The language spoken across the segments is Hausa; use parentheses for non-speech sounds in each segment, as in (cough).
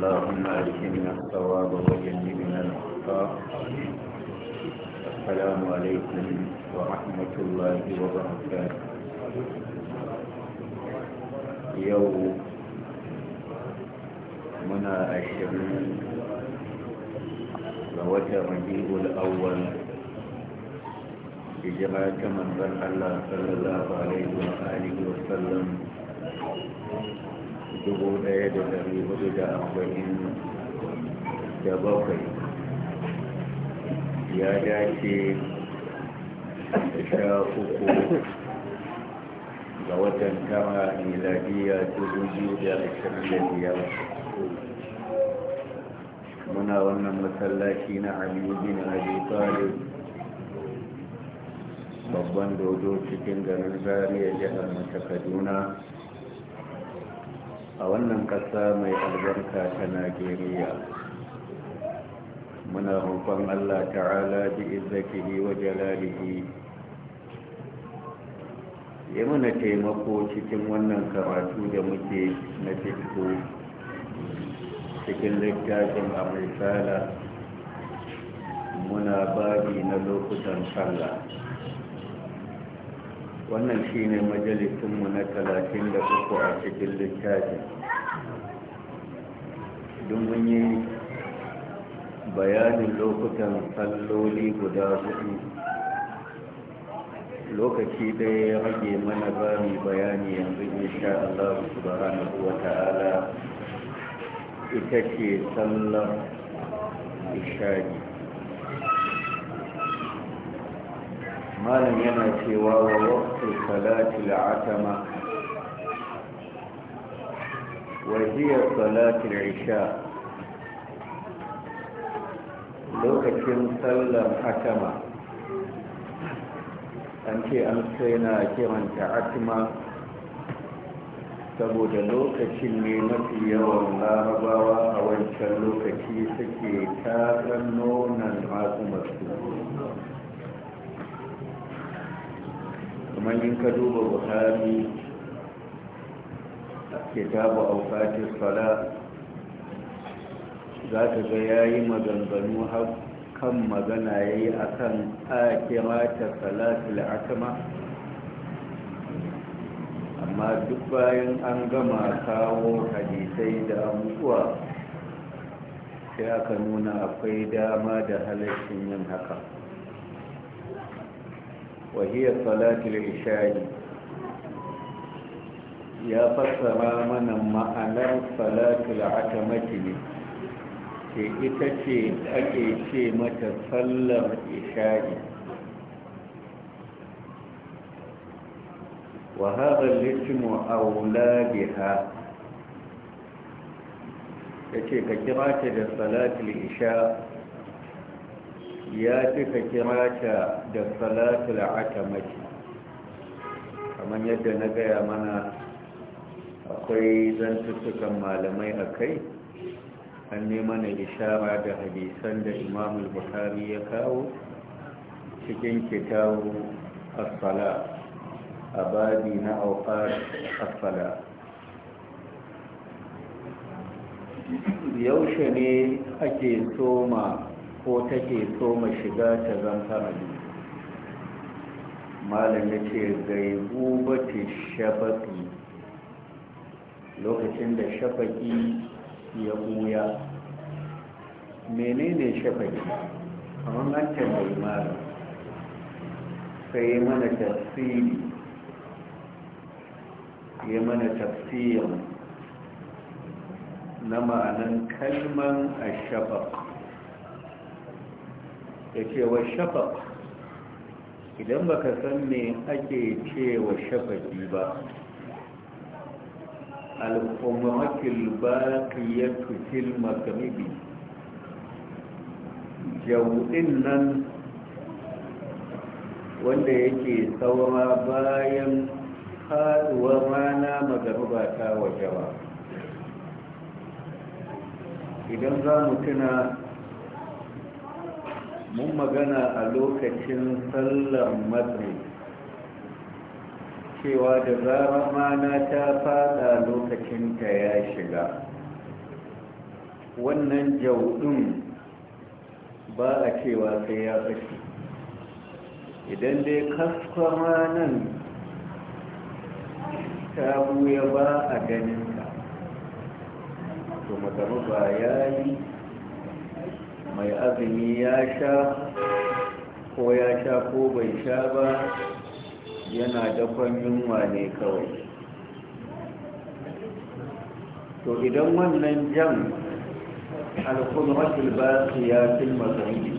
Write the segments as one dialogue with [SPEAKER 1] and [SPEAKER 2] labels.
[SPEAKER 1] اللهم
[SPEAKER 2] ألهمنا الثواب وجنبنا الأخطاء السلام عليكم ورحمة الله وبركاته يوم منا الشمس لوجه ربيع الأول بجماعة من بلغ الله صلى الله عليه وآله وسلم dubu ɗaya da dari hudu da arba'in da bakwai ya dace da sha uku ga watan tara miladiya dubu biyu da ashirin da biyar muna wannan masallaci na aliyu bin abu babban dodo cikin garin zariya jihar mata kaduna a wannan ƙasa mai albarka ta najeriya muna roƙon allah ta'ala bi izzatihi wa jalalihi ya muna taimako cikin wannan karatu da muke na fito cikin littafin a misala muna babi na lokutan kalla. wannan shine majalisunmu na 33 a cikin littafin don mun yi bayanin lokutan salloli guda hudu lokaci ɗaya ya rage mana bani bayani yanzu insha Allah subhanahu wa ta'ala ita ce sallar ishari malam yana cewa wa waqtu salati al-atama وهي صلاة العشاء lokacin sallar hakama an ce an sai na kiranta atima saboda lokacin ne mafi yawan larabawa a wancan lokaci suke tasan nonon masu masu kuma yin ka duba buhari kitabu aukatis fala za ta ga ya yi maganganu kan magana ya yi a kan akira amma duk bayan an gama kawo hadisai da abubuwa sai aka nuna akwai dama da halaccin yin haka wahiyar salatul ishayi ya fassara mana ma'anar salatul akamati ne ke ita ce ake ce mata sallar isha'i wa haɗa a wula biha ya ce ka kira ta da salatul isha ya fi ka kira ta da salatul akamati kamar yadda na gaya mana akwai zantuttukan malamai a kai an na ishara da hadisan da imamul bukhari ya kawo cikin kitabu asfala a babi na aukar asfala yaushe ne ake soma ko take soma shiga ta zamfarari malam ya ce gaibu bace shafafi lokacin da shafaki ya buya menene shafaki kamar an tambayi mara sai mana tafsiri ya mana tafsiri na ma'anan kalman a shafak ya ce wa shafak idan baka san me ake cewa shafaki ba الحمرة الباقية في المغرب nan. wanda yake saura bayan haduwar rana magaruba ta ba idan za mu tuna mun magana a lokacin sallar madrid cewa da zarar mana ta fada lokacinta ya shiga wannan jaudin ba a cewa sai ya fashi idan dai kaskwa nan ta buya ba a ganinka to magaru ba ya yi mai azumi ya sha ko ya sha ko bai sha ba yana dafan yunwa ne kawai to idan wannan jan ya basiyatul maghribi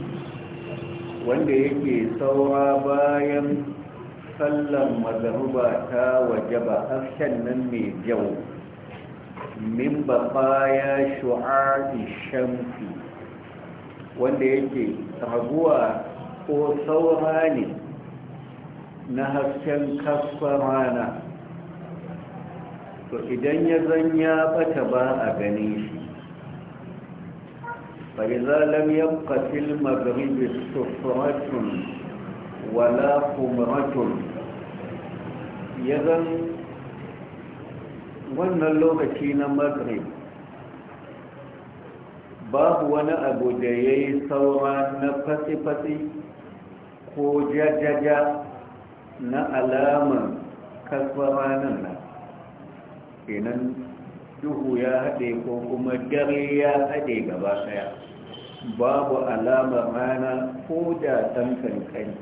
[SPEAKER 2] wanda yake saura bayan sallan mazaruba ta wajaba afshan nan mai jau min baya shu'a'i shamsi wanda yake raguwa ko saura ne na hasken kasfa rana to idan ya zan ya bata ba a gane shi فإذا ya katil في sufuratun wala ولا Ya zan wannan lokaci na maghrib babu wani abu da ya yi saura na fasi ko jajaja na alamar ranar nan na kenan duhu ya haɗe ko kuma dare ya haɗe gaba ɗaya babu alamar rana ko da ɗan kankani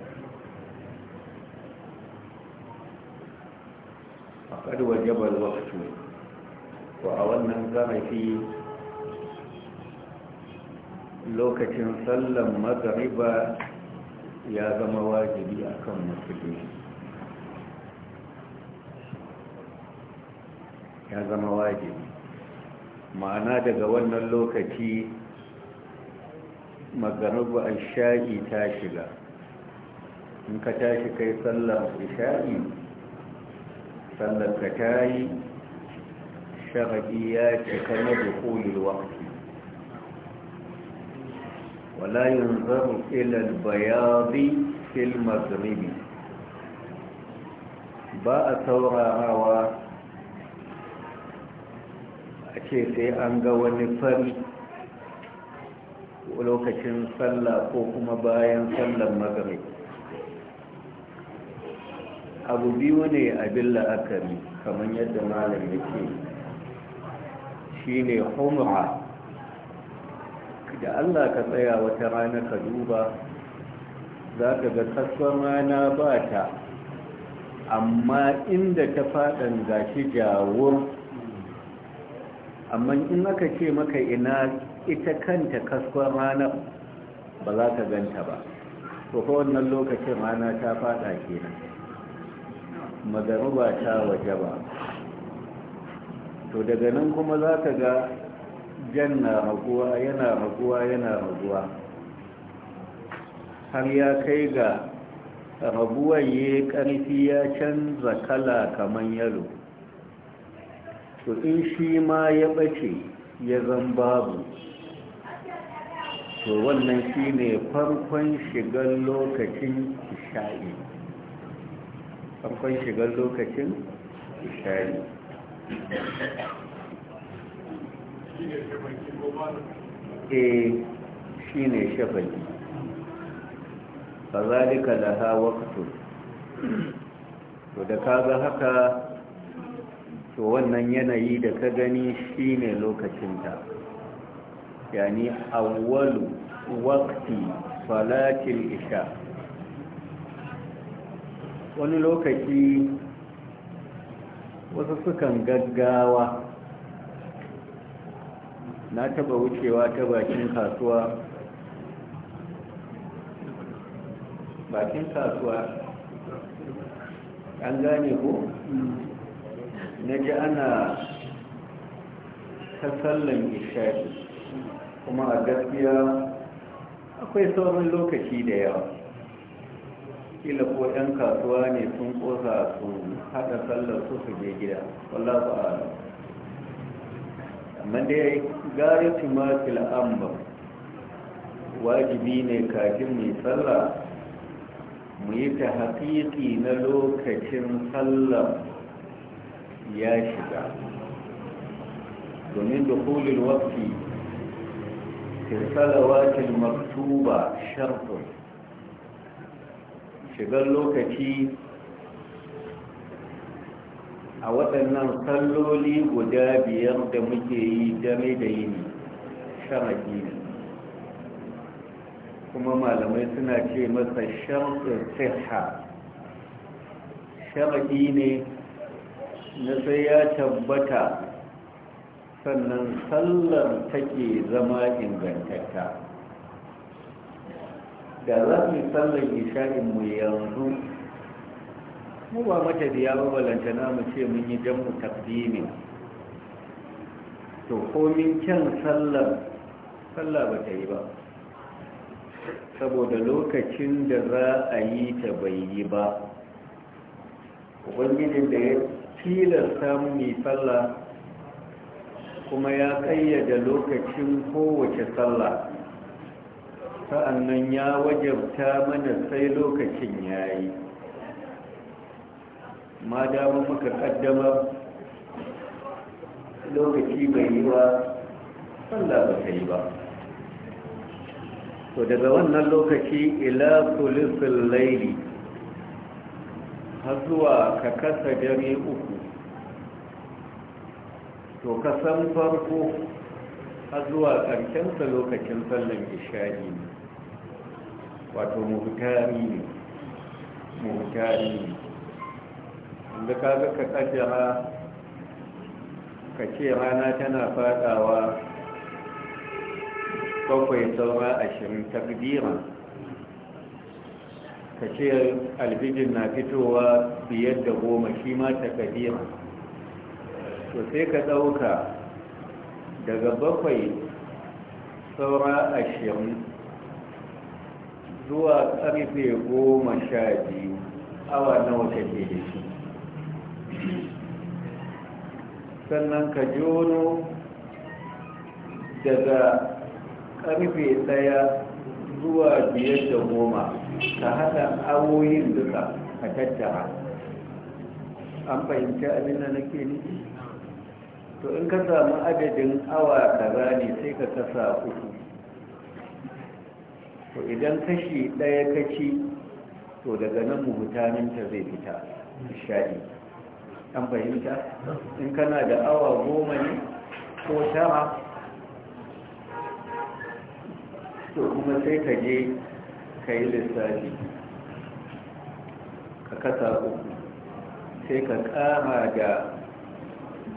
[SPEAKER 2] a ƙarwar jabal waktu ko a wannan zarafi lokacin sallan magariba ya zama wajibi a akan musulmi ya zama wajibi ma'ana daga wannan lokaci magarubu isha'i ta shiga in ka tashi kai sallar isha'i sallar ka ta yi sharaɗi ya cika na dukulil waƙi wala yin zaru ilal bayazi fil magribi ba a saurarawa ce sai an ga wani fari lokacin sallah ko kuma bayan sallar magari abu biyu ne abin la'akari kamar yadda malam yake ne homura da Allah ka tsaya wata rana ka duba za ka ga kasuwar rana ba ta amma inda ta faɗan gashi jawon amma in aka ce maka ina ita kanta kaskon ranar ba za ka ganta ba to ko wannan lokacin rana ta fada kenan magaruba ta waje ba to daga nan kuma za ka ga jan na raguwa yana raguwa yana raguwa har ya kai ga raguwa ya ƙarfi ya canza kala kamar yalo to in shi ma ya bace ya zan babu
[SPEAKER 1] to wannan shi ne
[SPEAKER 2] farkon shigar lokacin isha'i farkon shigar lokacin isha'i e shi ne shafaki ba za da hawa to da ka ga haka to wannan yanayi da ka gani shi shine lokacinta yani awwalu waqti salatil isha wani lokaci wasu sukan gaggawa na taba wucewa ta bakin kasuwa bakin kasuwa an gane ko mm. na ji ana ta sallan isha'i kuma a gaskiya akwai sauran lokaci da yawa kila ko 'yan kasuwa ne sun ƙosa su haɗa sallar su su je gida wallah ba a amma dai gari tumatil amban, wajibi ne kafin mai tsalla mu yi ta haƙiƙi na lokacin sallar يا شجاع ومن دخول الوقت في الصلوات المكتوبة شرط شغل لك شيء أولا صلوا لي وداب يرد مجهي جميلين شرقين كما ما لم يسنع شيء مثل شرط صحة شرقيني na sai ya tabbata sannan sallar take zama ingantatta da za mu yi sallar mu yanzu mu ba mata ya babalanta na mu ce mun yi jan mu takdimin to komin kyan sallar sallah ba ta yi ba saboda lokacin da za a yi ta bai yi ba ubangijin da ya Filar samun mai sallah kuma ya kayyada lokacin kowace sallah sa'annan ya wajabta mana sai lokacin yi ma damu muka kaddama lokaci bai yi ba sallah ba ta yi ba to daga wannan lokaci ila kulufin laili har zuwa ka kasa dare uku to ka san farko har zuwa sa lokacin sallan isha'i ne wato muhtari ne muhtari ne inda ka ga ka kaddara ka ce rana tana fadawa bakwai saura ashirin takdiran ka ce na fitowa biyar da goma shi ma ta kadima to sai ka ɗauka daga bakwai saura ashirin zuwa ƙarfe goma sha biyu awa nawa kake da shi sannan ka jono daga ƙarfe ɗaya zuwa biyar da goma ka haɗa awoyin duka ka tattara an fahimci abin da nake nufi to in ka samu adadin awa kaza ne sai ka kasa uku to idan kashi ɗaya kaci to daga nan ta zai fita shaɗi an fahimta in kana da awa goma ne ko tara to kuma sai ka je ka yi lissafi ka kasa uku sai ka kama da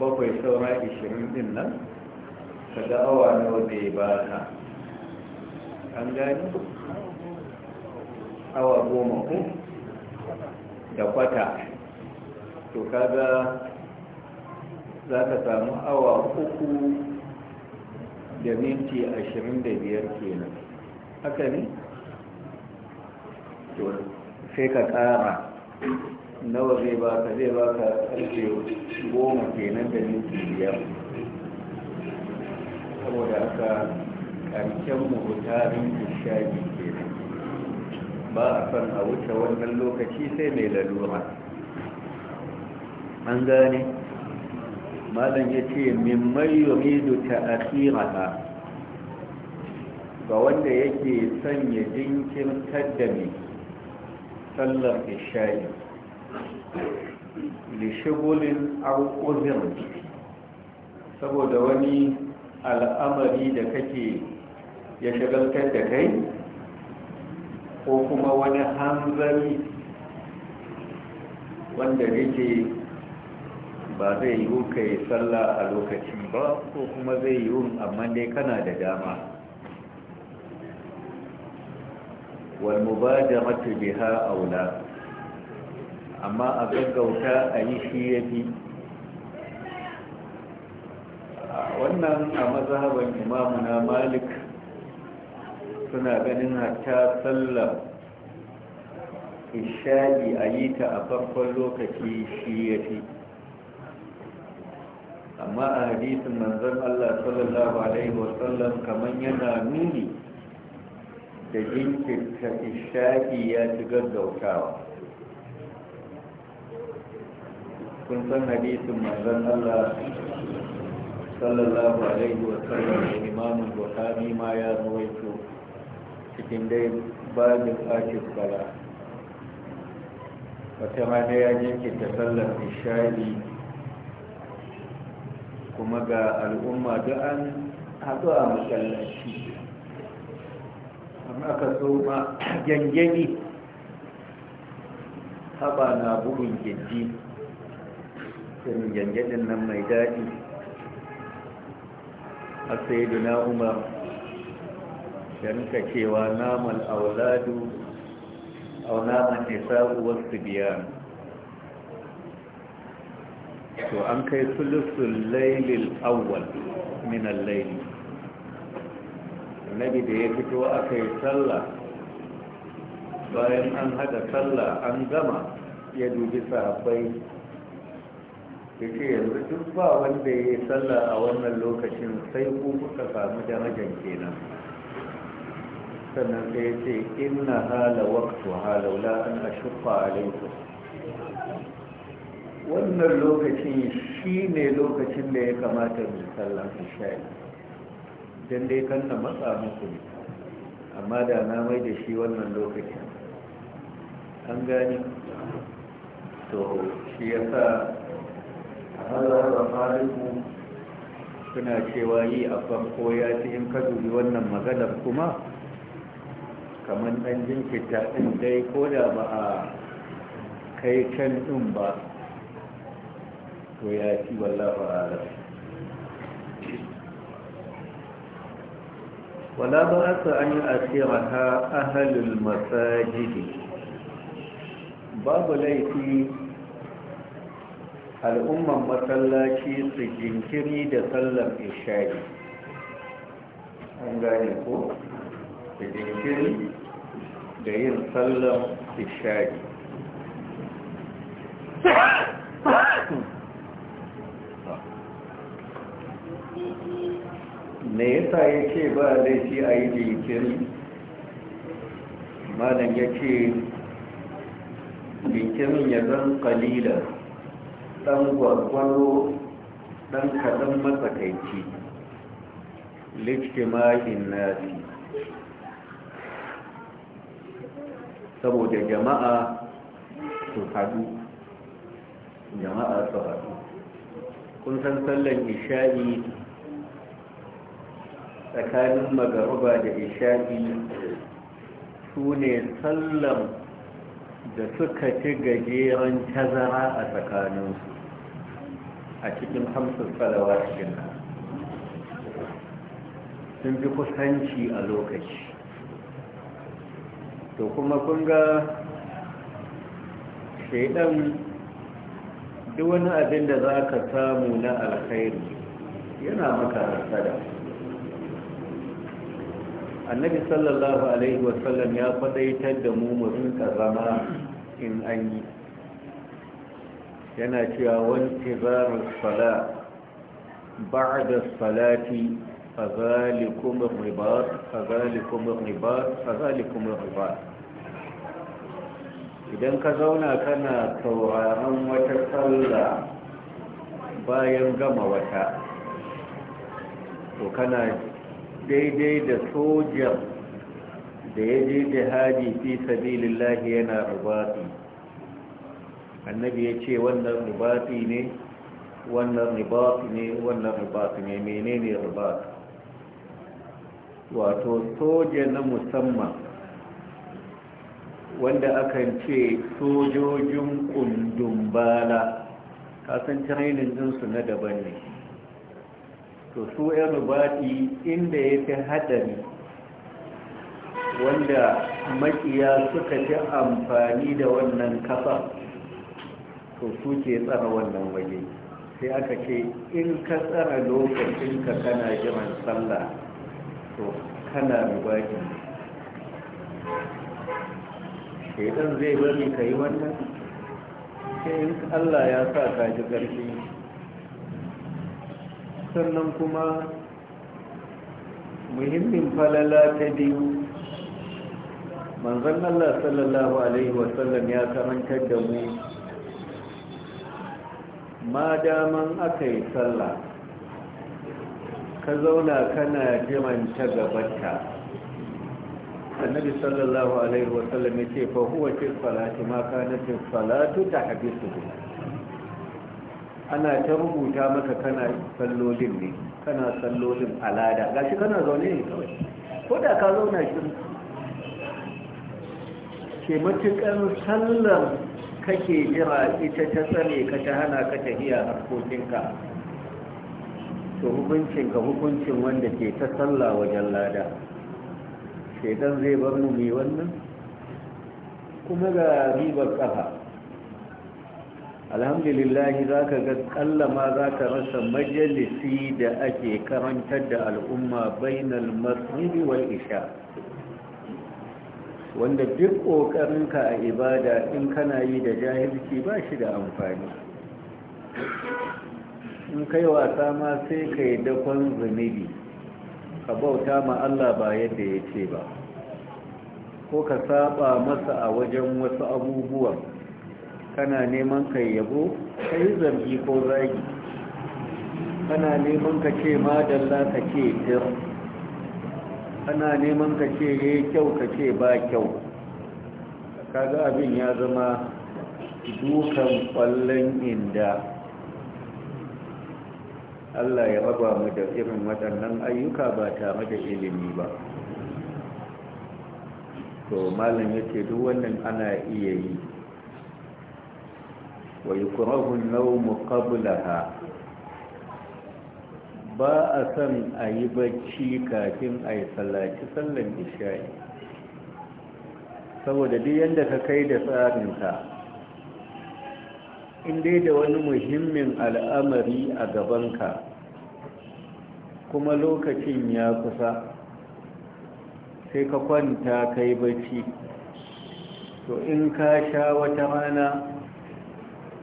[SPEAKER 2] bakwai saura 20 din nan ka ga awa nawa ya ba ka an gani awa goma ku da kwata to kaga za ka samu awa uku da minti ashirin da biyar kenan haka ne sai ka tsara nawa zai baka zai baka karfe goma kenan da minti biyar saboda haka karshen mutarin ishaji kenan ba a san a wuce wannan lokaci sai mai lalura an gane malam ya ce mimmai yuridu ta akirata ga wanda yake son ya jinkirtar da mai sallar isha'i lishigulin al'uzir saboda wani al'amari da kake ya shagaltar da kai ko kuma wani hanzari wanda yake ba zai yi kai sallah a lokacin ba ko kuma zai yi amma dai kana da dama والمبادرة بها أولى أما أبقوتا أي شيء wannan a mazhaban imamuna malik suna ganin hatta sallar ishadi a yi ta a farkon lokaci shi ya fi amma a hadisin manzon allah sallallahu alaihi wasallam kamar yana nuni da jinkirta ishaƙi ya ci gaggautawa kun san hadisin manzon Allah sallallahu alaihi wa sallam da imanin bukhari ma ya rawaito cikin dai babin akif bala wata ma da ya jinkirta sallar ishaƙi kuma ga al'umma da an haɗu a masallaci in aka soma gyangyani haba na bugun gyanji irin gyangyanin nan mai daɗi a sai na umar ka cewa naman auladu au naman nisa'u wasu biya to an kai sulusun lailil awwal minan laili annabi da ya fito aka yi sallah bayan an haɗa sallah an gama ya dubi sahabbai ya ce yanzu duk ba wanda ya yi sallah a wannan lokacin sai ku kuka samu jamajen kenan sannan sai ya ce inna hala waktu halaula an a alaikum wannan lokacin shi ne lokacin da ya kamata mu sallah shayi. don dai kan na matsa muku ne amma da na mai da shi wannan lokaci an gani to shi ya sa a halar suna cewa yi a farko ya ci in ka dubi wannan maganar kuma kamar ɗan jinkita ɗin dai ko da ba a kai can ɗin ba to ya ci wallafa a ولا بأس أن يؤثرها أهل المساجد باب ليتي الأمة مسلاكي سجنكري دسلم إشاري an gane ko da jinkiri da yin sallar ishari me yasa ya ce ba zai shi a yi jinkiri malam ya ce jinkirin ya zan kalila ɗan gwagwaro ɗan kaɗan matsakaici likimahin nasi saboda jama'a su haɗu jama'a su haɗu kun san sallan isha'i tsakanin magaruba da isha'i su ne sallan da suka ci gajeren tazara a tsakaninsu a cikin hamsin salawa cikin sun fi kusanci a lokaci to kuma kun ga shaidan duk wani abin da za ka samu na alkhairu yana maka hasada annabi sallallahu alaihi wasallam ya fadaitar da mu mu rinka zama in an yi yana cewa wanti zarar sala ba'da salati fazalikum ribat fazalikum ribat fazalikum ribat idan ka zauna kana tauraron wata tsalla bayan gama wata to kana daidai da sojan da ya je jihadi fi sabilillahi yana rubati annabi ya ce wannan rubati ne wannan rubati ne wannan rubati ne menene rubati wato soja na musamman wanda akan ce sojojin kundumbala kasancin rainin trainin na daban ne to su yan rubati inda ya fi haɗari wanda makiya suka ji amfani da wannan kafa to su ke tsara wannan waje sai aka ce in ka tsara lokacinka kana jiran sallah to kana rubati shaidan zai bari ka yi wannan sai in allah ya sa ka ji ƙarfi sannan kuma muhimmin falala ta biyu manzon Allah sallallahu alaihi wasallam ya karantar da mu ma daman aka yi sallah ka zauna kana jimanta gabata annabi sallallahu alaihi wasallam ya ce Falatu maka na cikin Falatu ta haɗe su ana ta rubuta maka kana sallolin ne kana sallolin alada gashi kana zaune ne ko da ka zauna shi ke matukan sallar kake jira ita ta tsare ka ta hana ka hiya harkokinka to hukuncin ka hukuncin wanda ke ta sallah wajen lada shaidan zai bar mu mai wannan kuma ga ribar kafa
[SPEAKER 1] Alhamdulillahi, za ka ga kallama za ka rasa majalisi da ake karantar da al'umma bainal masjidi
[SPEAKER 2] wal isha wanda duk ƙoƙarinka a ibada in kana yi da jahilci ba shi da amfani in kai wasa ma sai ka yi dakon zunubi ka bauta ma Allah ba yadda ya ce ba ko ka saba masa a wajen wasu abubuwan kana neman ka yabo kai ko zagi kana neman ka ce madalla ka ce tir kana neman ka ce ya kyau ka ce ba kyau kaga abin ya zama dukan kwallon inda Allah ya raba mu da irin waɗannan ayyuka ba tare da ilimi ba to malam yake duk wannan ana iya yi ويكره النوم قبلها ba a son a yi bacci kafin a yi tsallaci sallan saboda duk yadda ka kai da In dai da wani muhimmin al'amari a gaban ka. kuma lokacin ya kusa sai ka kwanta kai bacci to in ka sha wata rana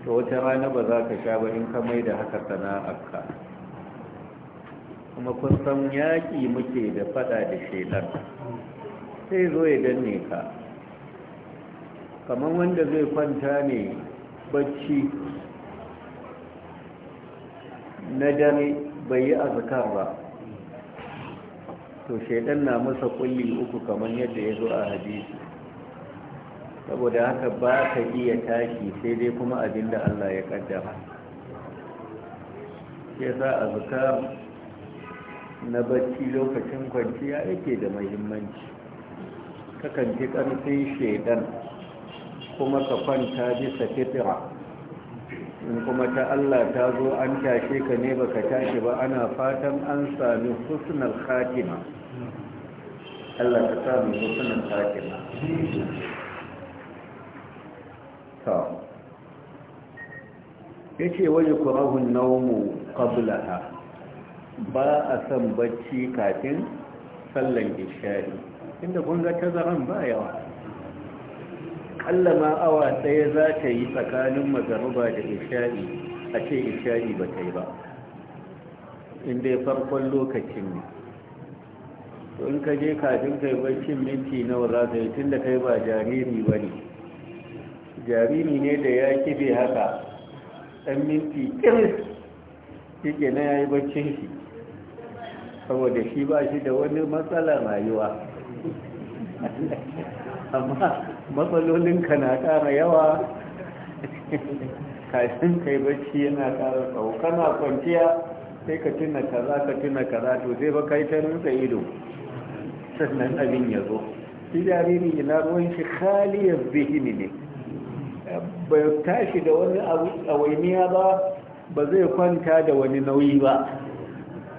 [SPEAKER 2] to wata rana ba za ka sha ba in ka mai da haka sana'arka kuma kun san yaƙi muke da fada da shelar sai zo ya danne ka kamar wanda zai kwanta ne bacci na dare bai yi azkar ba to shaidan na masa kulli uku kamar yadda ya zo a hadisi saboda haka ba ka iya tashi sai dai kuma abin da Allah ya kaddara ya sa a zuka na bacci lokacin kwanciya yake da mahimmanci kakan ji karfin shaidan kuma ka kwanta bisa fitira in kuma ta Allah ta zo an tashe ka ne baka tashi ba ana fatan an sami husnul khatima Allah ta sami husnul khatima ya ce waje kurahun naumu ƙabulaha ba a san bacci kafin sallan ishari inda kunga tazaran ba yawa ƙallama awa ɗaya za ta yi tsakanin mazaruba da ishari a ce ishari ba ta yi ba inda farkon lokacin ne in ka je kafin kai bacci minti nawa za ka yi tun da kai ba jariri ba jariri ne da ya kibe haka ɗan minti shi ke na ya yi baccin shi saboda shi ba shi da wani matsalar rayuwa amma matsalolin ka na ƙara yawa kafin kai bacci yana ƙara tsawo kana kwanciya sai ka tuna kaza ka tuna kaza to zai ba kai ta ido sannan abin ya zo shi jariri ina ruwan shi khaliyar zihini ne bai tashi da wani awainiya ba ba zai kwanta da wani nauyi ba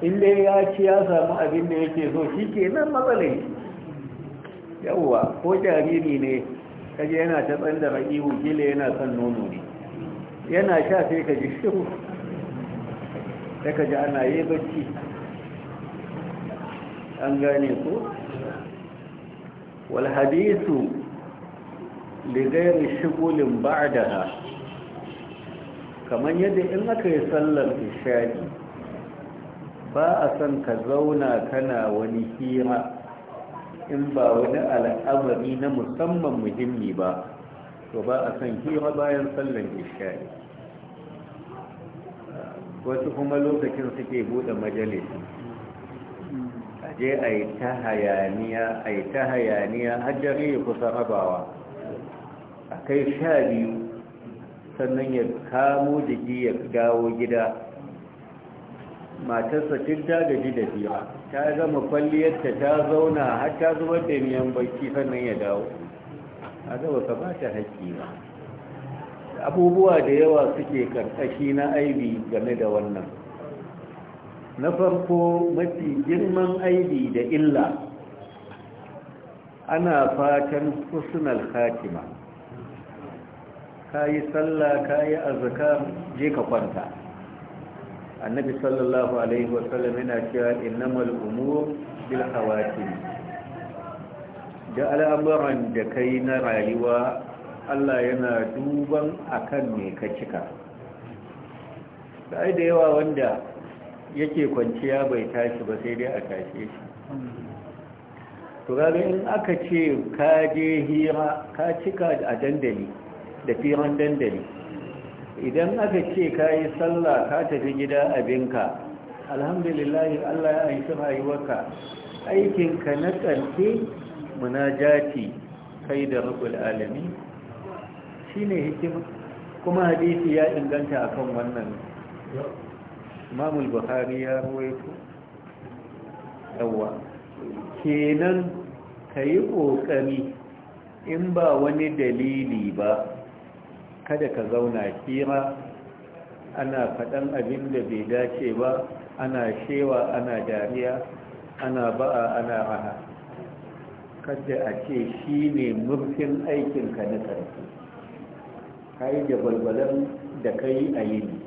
[SPEAKER 2] inda ya ci ya samu abin da yake so shi ke nan matsalai yauwa ko jariri ne kaji yana ta tsanda ihu-gile yana son nono ne yana sha sai ka ji shiru ka ji ana yi bacci an gane ko wal hadisu ligairi shigulin ha. kamar yadda in aka yi sallar isha'i ba a san ka zauna kana wani hira in ba wani al'amari na musamman muhimmi ba to ba a san hira bayan sallar isha'i wasu kuma lokacin suke bude majalisi je a yi ta hayaniya a yi ta hayaniya hajjari ya kusa rabawa kai sha biyu sannan ya kamo jiki ya dawo gida matarsa tun ta gaji da biya ta zama kwalliyarta ta zauna har ta zubar da miyan baki sannan ya dawo a zaba ka ba ta haƙƙi ba abubuwa da yawa suke karkashi na aibi game da wannan na farko mafi girman aibi da illa ana fatan husnal khatima kayi yi sallah ka yi je ka kwanta annabi sallallahu alaihi wasallam yana cewa innamal umur bil khawatim da al'amuran da kai na rayuwa Allah yana duban akan me ka cika sai da yawa wanda yake kwanciya bai tashi ba sai dai a tashi shi to in aka ce ka je hira ka cika a dandali da firan dandali idan aka ce ka yi sallah ka tafi gida abinka alhamdulillahi allah ya aiki rayuwarka aikinka na ƙarfe munajati kai da rukul alami shi ne hikima kuma hadisi ya inganta akan wannan mamul buhari ya ruwaito yawa kenan ka yi ƙoƙari in ba wani dalili ba kada ka zauna kira ana faɗan abin da bai dace ba ana shewa ana dariya ana ba'a ana raha kada a ce shi ne murfin aikinka na ƙarfi ka yi da balbalan da ka yi a yini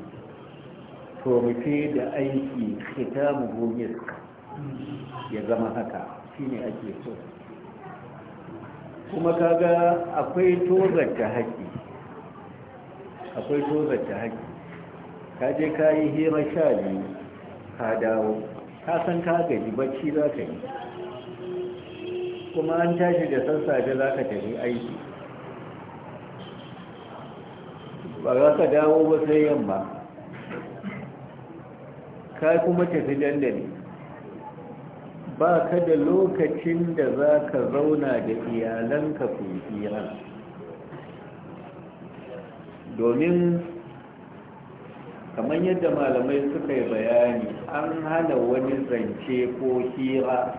[SPEAKER 2] tomife da aiki fita muhimmin ya zama haka shi ne ake so kuma kaga akwai da haƙi akwai ta haƙƙi ka je ka yi hira sha biyu ka dawo ka san ka gaji bacci za ka yi kuma an tashi da sassafe za ka tafi aiki ba za ka dawo ba sai yamma ka kuma tafi dandali ba ka da lokacin da za ka zauna da iyalanka ku hira domin kamar yadda malamai suka yi bayani an hana wani zance ko hira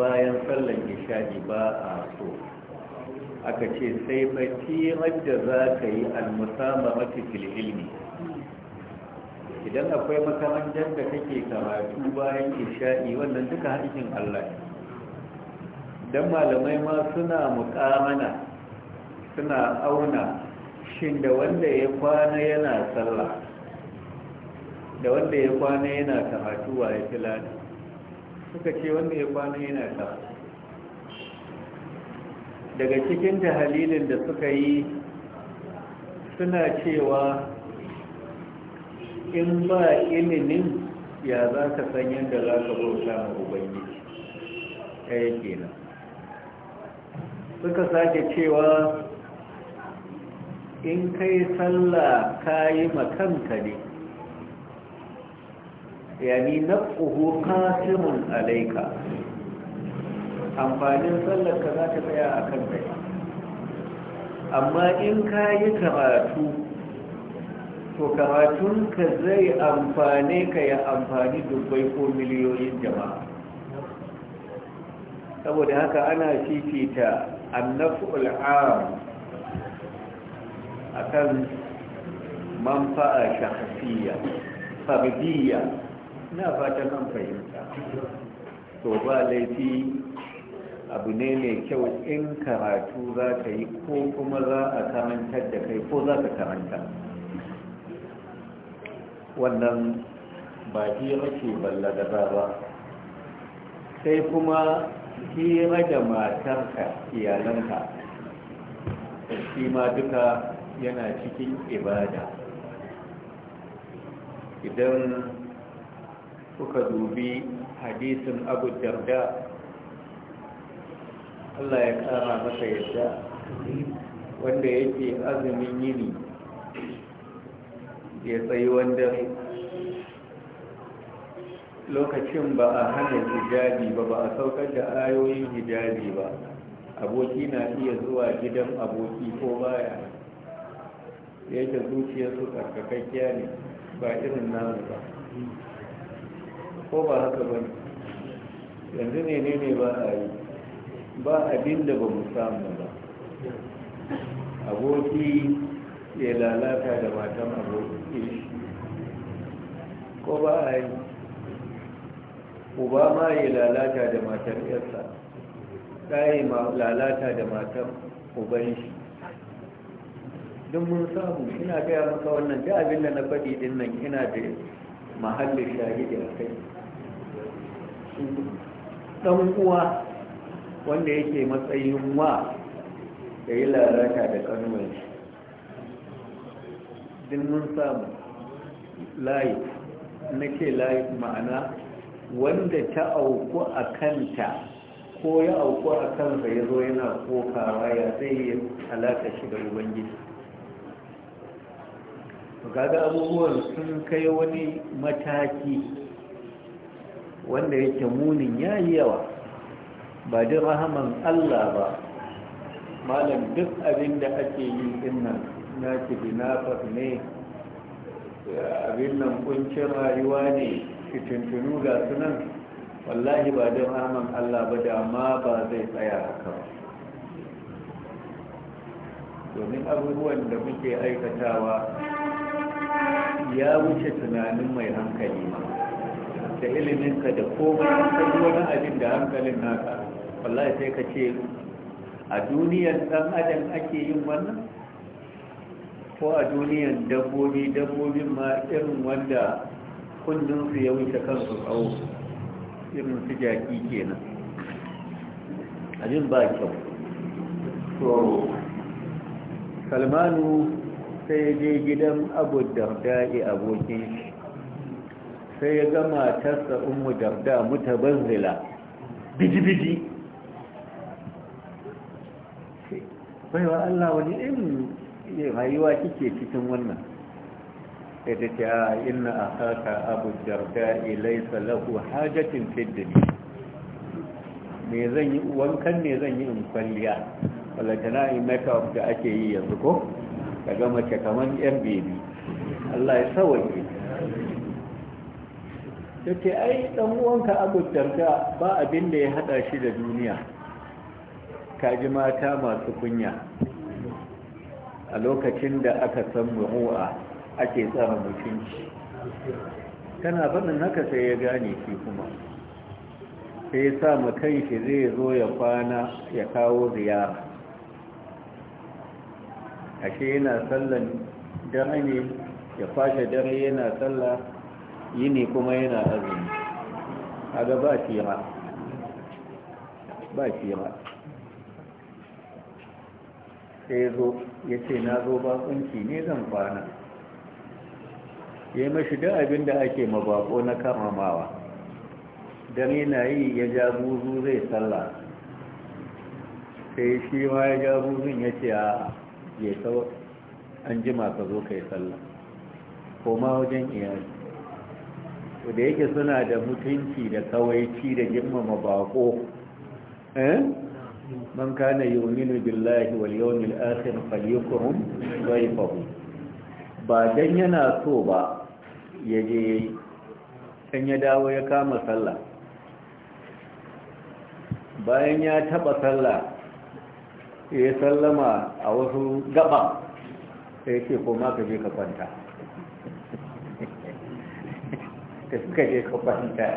[SPEAKER 2] bayan sallar nishadi ba a so aka ce sai matirar da za ka yi almusama matakil ilmi idan akwai makarantar da kake karatu bayan isha'i wannan duka haƙin allah don malamai ma suna mukamana suna auna shin da wanda ya kwana yana sallah da wanda ya kwana yana karatu wa ya fi lada suka ce wanda ya kwana yana karatu daga cikin jahalilin da suka yi suna cewa in ba ilimin ya za ka san yadda za ka bauta na ubangiji ɗaya kenan suka sake cewa in kai sallah yi makanta ne yani naf'uhu qasirun alayka amfanin sallar ka za ta tsaya a kan kai amma in yi karatu to karatun ka zai amfane ka ya amfani dubbai ko miliyoyin jama'a saboda haka ana fifita annaf'ul 'am akan manfa'a shahasiyya fardiyya na fata an fahimta to ba laifi abu ne mai kyau in karatu za ka yi ko kuma za a karantar da kai ko za ka karanta wannan ba hira balla da ba sai kuma hira da matarka iyalanka shi ma duka yana cikin ibada idan kuka dubi hadisin abu darda Allah ya kara masa yadda wanda yake azumin yini ya tsayi wanda lokacin ba a hana hijabi ba ba a saukar da ayoyin hijabi ba aboki na iya zuwa gidan aboki ko baya da yake zuciyarsu tsarkakakkiya ne ba irin namu ba ko ba haka ba yanzu ne ne ne ba a yi ba abin da ba mu samu ba aboki ya lalata da matan aboki ko ba a yi uba ma ya lalata da matan yarsa ɗaya lalata da matan ubanshi shi don mun samu ina gaya maka wannan ji abin da na faɗi din nan ina da mahallin shahidi a kai ɗan uwa wanda yake matsayin wa da yi lalata da kanuwar shi din mun samu layi na ce layi ma'ana wanda ta auku a kanta ko ya auku a kansa ya zo yana kokawa ya zai yi alaƙa shi da ubangiji to abubuwan sun kai wani mataki wanda yake munin ya yi yawa ba duk rahaman Allah ba malam duk abin da ake yi dinnan na kidnapper ne abin nan kuncin rayuwa ne fitintunu ga sunan wallahi ba don rahaman Allah ba dama ba zai tsaya haka domin abubuwan da muke aikatawa ya wuce tunanin mai hankali ma da iliminka da komai hankali wani abin da hankalin naka wallahi sai ka ce a duniyar dan adam ake yin wannan ko a duniyar dabbobi dabbobin ma irin wanda kundinsu ya wuce kansu tsawo irin su jaki kenan abin ba kyau so salmanu sai je gidan abu darda'i abokin shi sai ya gama tasa umu darda bidi-bidi. sai wa Allah wani irin rayuwa kike cikin wannan sai ta ce a inna a haka abu darda'i laisa lahu hajjatin fiddini me zan yi wankan ne zan yi in kwalliya walatana in makeup da ake yi yanzu ko daga mace kamar yan bebi Allah ya sawaye ta ke ai ɗan uwanka abubuwarka ba abin da ya haɗa shi da duniya ka ji mata masu kunya a lokacin da aka san mu'u'a ake tsara mutunci tana faɗin haka sai ya gane shi kuma sai ya sa makan zai zo ya kwana ya kawo ziyara ashe yana sallan dare ne ya fashe dare yana sallah yini kuma yana azumi ga ba shira ba shira sai zo ya ce na zo bakunci ne zan kwana ya yi mashi duk abin da ake mabako na karamawa dare na yi ya ja zuzu zai sallah sai shi ma ya ja buzun ya ce a ya sau an ji ka zo kai sallah ko ma wajen iyali da yake suna da mutunci da kawaici da girmama bako eh? man kana yuminu billahi wal yawmil akhir falyukrum dhayfahu ba dan yana so ba yaje kan ya dawo ya kama sallah bayan ya taba sallah ya sallama a wasu gaba sai ce koma ka je ka kwanta ka suka je ka kwanta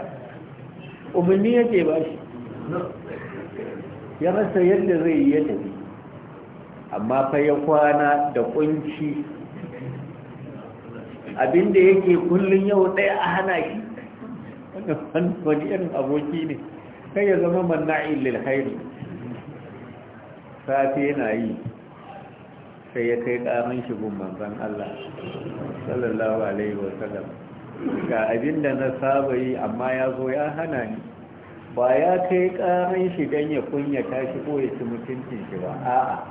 [SPEAKER 2] umarni yake ba shi ya rasa yadda zai yi yadda amma fa ya kwana da kunci abinda yake kullum yau ɗaya a hana shi (laughs) wani irin aboki ne kai ya zama manna'in lil khairi safe na yi sai ya kai karin shigun manzan Allah sallallahu alaihi wasallam ga abin da na saba yi amma ya zo ya hana ni ba ya kai karin shi don ya kunya tashi ko ya ci mutuncin shi ba a'a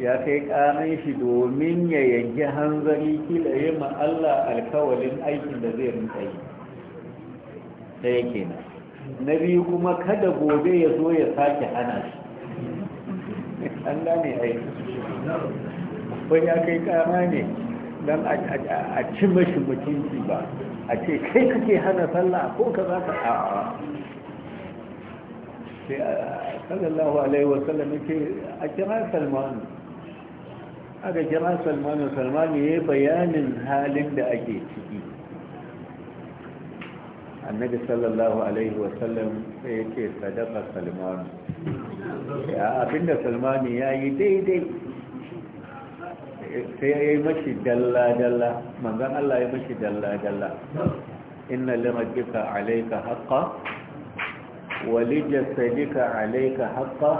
[SPEAKER 2] ya kai karin shi domin ya yanki hanzari kila yi ma Allah alkawalin aikin da zai rinka yi ɗaya kenan na biyu kuma kada gobe ya zo ya sake hana shi an gane aiki wani ya kai kama ne don a ci mashi mutunci ba a ce kai kake hana sallah ko ka za ka a'a sai sallallahu alaihi wasallam yake a kira salmanu aka kira salmanu salmanu ya yi bayanin halin da ake ciki annabi sallallahu alaihi wasallam sai yake sadaka salmanu
[SPEAKER 1] ya abinda
[SPEAKER 2] salmani ya yi daidai sai ya yi mashi dalla-dalla manzan Allah ya mashi dalla-dalla inna limatika alaika haqqa walijasadika alaika haqqa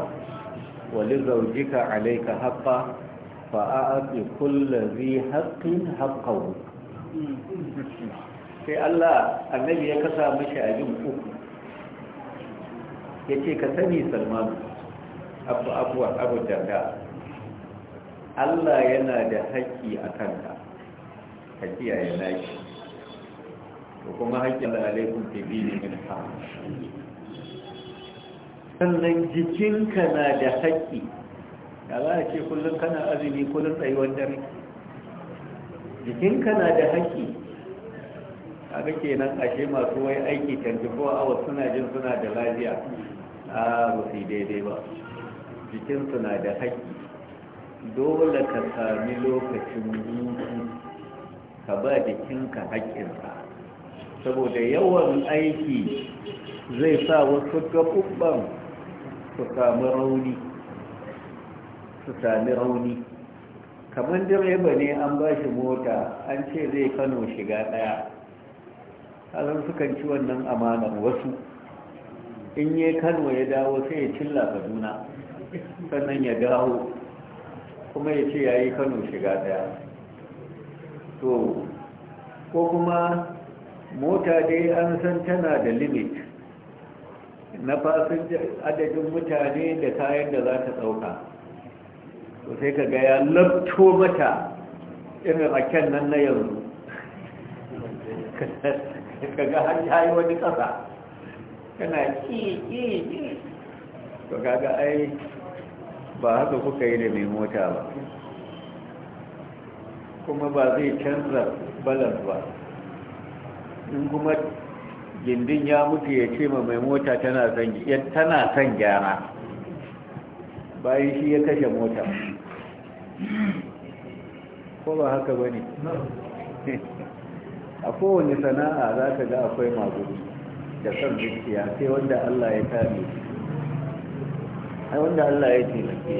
[SPEAKER 2] walizaujika alaika haqqa fa'a'ati kullazi haqqin haqqahu sai Allah annabi ya kasa mashi abin uku yace ka sani salmani abu abu abu darda Allah yana da haƙƙi a kanka ka kiyaye nashi ko kuma haƙƙi Allah alaikum fi ne min ha sannan jikinka na da haƙƙi ya za a ce kullum kana azumi kullum tsayuwar dare jikinka na da haƙƙi kaga kenan ashe masu wai aiki 24 hours suna jin suna da lafiya ah, a rufi daidai ba jikinsu na da haƙƙi dole ka sami lokacin hutu ka ba jikinka haƙƙinsa saboda yawan aiki zai sa wasu gaɓuɓɓan su sami rauni su sami rauni kamar direba ne an ba shi mota an ce zai kano shiga ɗaya halin sukan ci wannan amanar wasu in yi kano ya dawo sai ya cilla kaduna sannan ya dawo kuma ya ce ya yi kano shiga daya to ko kuma mota dai an san tana da limit na fasin adadin mutane da kayan da za ta tsauka to sai ka gaya labto mata irin raken nan na yanzu (laughs) ka ga har ya yi wani kasa tana ƙi ƙi ƙi to kaga ai ba haka kuka yi da mai mota ba kuma ba zai canza balas ba in kuma gindin ya mutu ya ce ma mai mota tana son gyara bayan shi ya kashe mota ko ba haka ba ne a kowane sana'a za ka ga akwai magudu da son bikiya sai wanda allah ya su ai wanda Allah ya taimake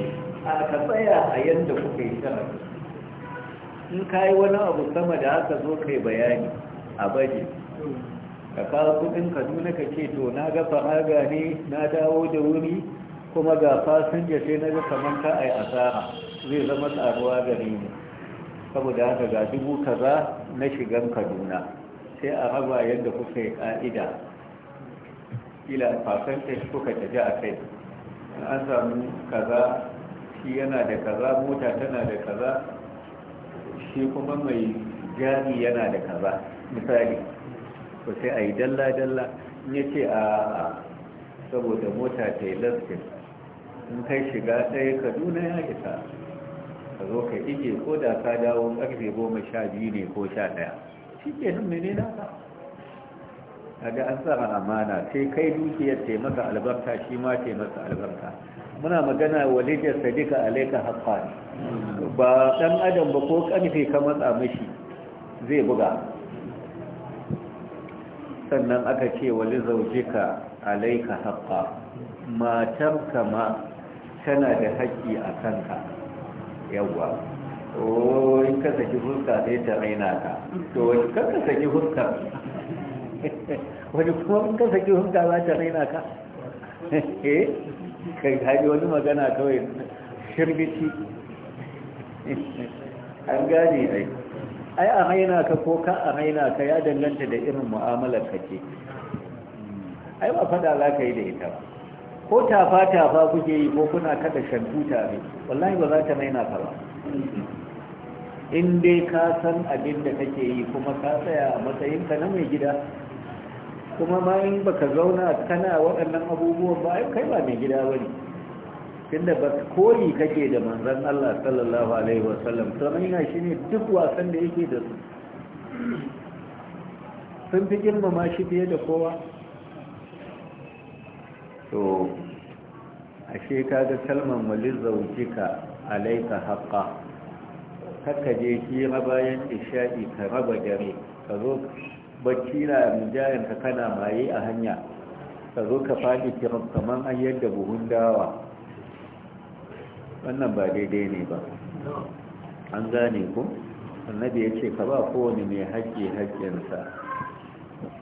[SPEAKER 2] a ka tsaya a yanda kuka yi in ka yi wani abu sama da haka zo kai bayani a baje ka kawo kudin kaduna ka ce to na ga fahaga ne na dawo da wuri kuma ga fasinja sai na ga kamar ka a asara zai zama tsaruwa gare ne saboda haka ga dubu kaza na shigan kaduna sai a raba yadda kuka yi ka'ida ila fasantar kuka tafi a kai an samu kaza shi yana da kaza mota tana da kaza shi kuma mai jari yana da kaza misali ko sai a yi dalla-dalla ya ce a saboda mota ta yi laskin in kai shiga ɗaya kaduna ya isa ka zo ka ije ko da ka dawo ƙarfe goma sha biyu ne ko sha ɗaya shi ke nan mene na ka kaga an tsara amana sai kai dukiyar ce masa albarka shi ma ce masa albarka muna magana walida sadika alayka haqqa ba dan adam ba ko kanfi ka matsa mishi zai buga sannan aka ce wali zaujika alaika haƙa matarka ma tana da haƙƙi a kanka yawa o oh, in ka saki huska sai ta raina ka to in ka saki huska (laughs) wani kuma in ka saki hunka ba ta raina ka (laughs) eh kai haji wani magana kawai shirbici (laughs) an gane ai ai a raina ka ko ka a raina ka ya danganta da irin mu'amalar ka ce ai ba fada za ka yi da ita ba ko tafa tafa kuke yi ko kuna kada shantu tare wallahi ba za ta raina ka ba in dai ka san abin da kake yi kuma ka tsaya a matsayinka na mai gida kuma ma in baka zauna kana waɗannan abubuwan ba ai kai ba mai gida ba bane tunda ba koyi kake da manzon Allah sallallahu alaihi wasallam to nan shi shine duk wasan da yake da su sun fi girmama shi fiye da kowa to ashe Salman kalmar malizaujika alaika kar kakka je hira bayan isha'i ka raba dare ka zo bacci na mijayen ka kana maye a hanya ka zo ka faɗi kiran kamar an yadda buhun dawa wannan ba daidai ne ba an gane ku annabi ya ce ka ba kowane mai haƙƙi haƙƙinsa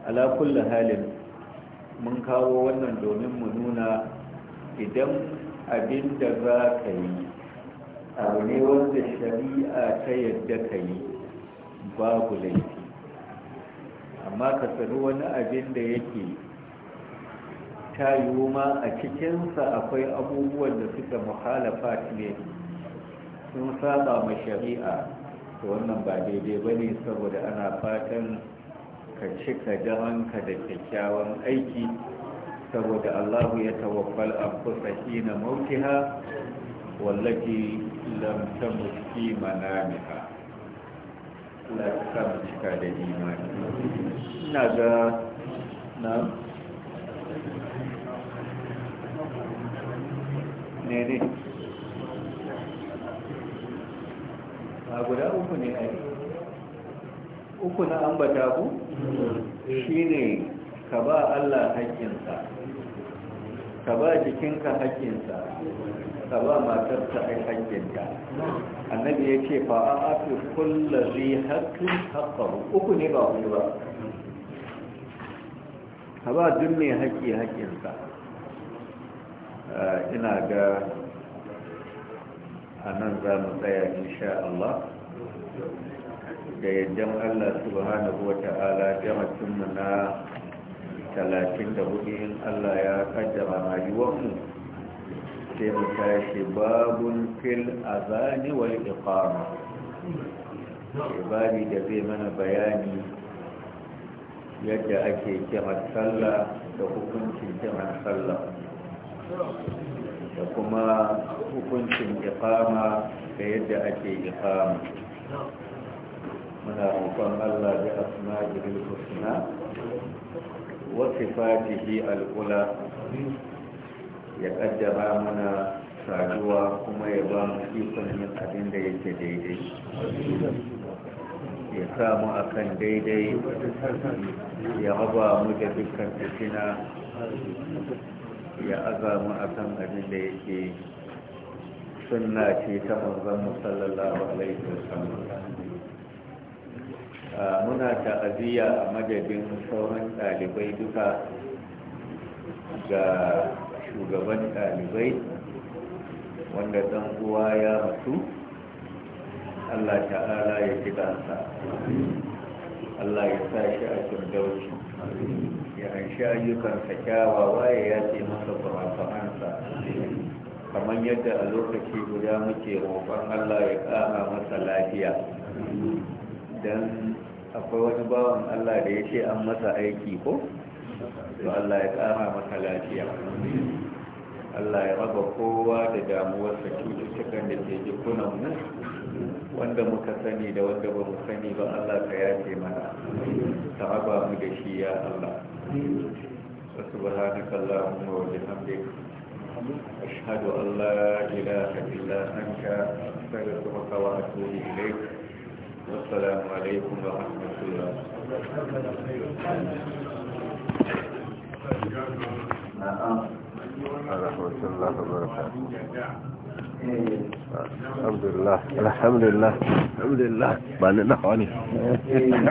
[SPEAKER 2] ala halin mun kawo wannan domin mu nuna idan abin da za ka yi abu ne wanda shari'a ta yadda ka yi babu laifi amma ka sani wani abin da yake ta yiwu ma a cikinsa akwai abubuwan da suka muhalafa ne sun saba ma shari'a ta wannan ba daidai ba ne saboda ana fatan ka cika jaranka da kyakkyawan aiki saboda allahu ya tawaffal a kusa hina mautiha wallafi lamta muski manamiha Allah ya cika da imani ina ga na ne ne a ah, guda uku ne a uku na ambata ku eh. shi ne ka ba Allah haƙƙinsa ka ba jikinka hakinsa, ka ba matarsa ai haƙƙinta annabi ya ce fa a afi kulla zai haƙƙin haƙƙaru uku ne ba hudu ba ka ba duk mai haƙƙi hakinsa. Eh, ina ga a nan za mu tsaya insha Allah da yadda Allah subhanahu wa ta'ala jamacinmu na talatin da hudu in allah ya kaddara rayuwarmu sai mu tashi babun fil azani wal iqama babi da zai mana bayani yadda ake kira sallah da hukuncin kira sallah da kuma hukuncin iqama da yadda ake iqama muna roƙon Allah da asma'il husna وصفاته الأولى يقدم منا saduwa kuma ya ba mu ikon yin abin da yake daidai ya samu a kan daidai ya raba mu da dukkan fitina ya aza mu a kan abin da ta manzon musallallahu muna ta'aziyya a madadin sauran ɗalibai duka ga shugaban ɗalibai wanda ɗan uwa ya mutu Allah ta'ala ya fi ɗansa Allah ya sa shi a firdausi ya hanshi ayyukansa waye ya ce masa kurakuransa kamar yadda a lokaci guda muke roƙon Allah ya ƙara masa lafiya don akwai wani bawan Allah da ya ce an masa aiki ko? to Allah ya kara maka lafiya Allah ya raba kowa da damuwarsa cututtukan da ke jikunan mu wanda muka sani da wanda ba mu sani ba Allah ka yace mana ta raba mu da shi ya Allah subhanaka allahumma wa bihamdika ashhadu an la ilaha illa anta astaghfiruka wa atubu ilayk والسلام عليكم ورحمة الله
[SPEAKER 1] ورحمة الله وبركاته الحمد لله الحمد لله الحمد لله ما نحن (laughs)